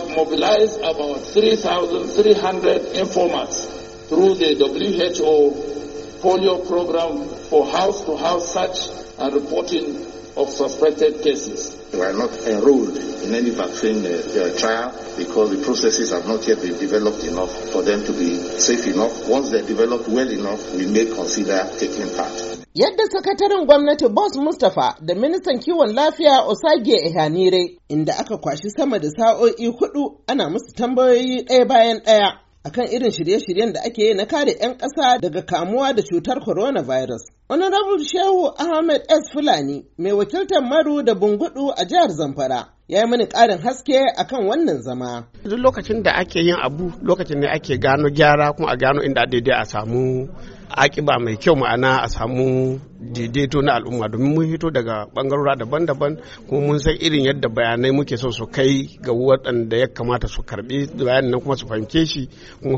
have mobilized about 3,300 informants through the WHO polio program for house-to-house search and reporting of suspected cases. We are not enrolled in any vaccine uh, uh, trial because the processes have not yet been developed enough for them to be safe enough. Once they're developed well enough, we may consider taking part. Yadda sakataren gwamnati Boss Mustapha da ministan kiwon lafiya Osage Ehanire inda aka kwashi sama da sa'o'i hudu ana musu tambayoyi ɗaya bayan ɗaya akan irin shirye-shiryen da ake yi na kare 'yan ƙasa daga kamuwa da cutar coronavirus. Honorable Shehu Ahmed S. Fulani, mai wakiltar Maru da Bungudu a jihar Zamfara, ya yi mini karin haske a kan wannan zama. Duk lokacin da ake yin abu, lokacin ne ake gano gyara kuma a gano inda daidai a samu akiba mai kyau ma'ana a samu daidaito na al'umma domin mun hito daga bangarora daban-daban kuma mun san irin yadda bayanai muke so su kai ga waɗanda ya kamata su karbi bayanin nan kuma su fahimce shi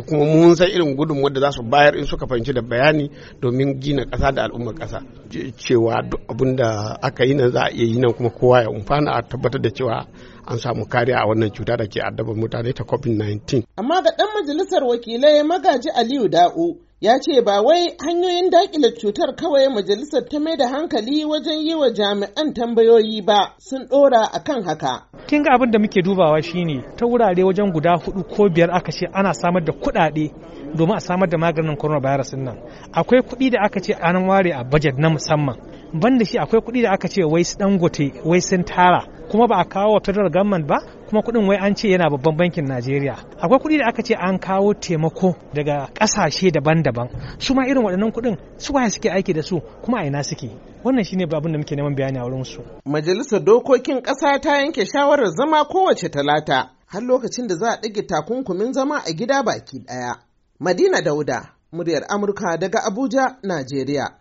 kuma mun san irin gudunmu da za su bayar in suka fahimci da bayani domin gina ƙasa da al'umma al'ummar ƙasa cewa duk abin da aka yi nan za a iya yi nan kuma kowa ya umfana a tabbatar da cewa an samu kariya a wannan cuta da ke addabar mutane ta covid-19 amma ga dan majalisar wakilai magaji aliyu da'u ya ce ba wai hanyoyin dakile cutar kawai majalisar ta mai da hankali wajen yi wa jami'an tambayoyi ba sun dora a kan haka. kin ga abin da muke dubawa shine ta wurare wajen guda hudu ko biyar aka ce ana samar da kuɗaɗe domin a samar da maganin coronavirus nan akwai kuɗi da aka ce an ware a budget na musamman banda shi akwai kuɗi da aka ce wai su dangote wai sun tara kuma ba a kawo wa federal government ba kuma kudin wai an ce yana babban bankin najeriya akwai kudi da aka ce an kawo taimako daga kasashe daban-daban su ma irin waɗannan kudin su waye suke aiki da su kuma a ina suke wannan shine babin da muke neman bayani a wurin su majalisar dokokin ƙasa ta yanke shawarar zama kowace talata har lokacin da za a ɗage takunkumin zama a gida baki ɗaya madina dauda muryar amurka daga abuja najeriya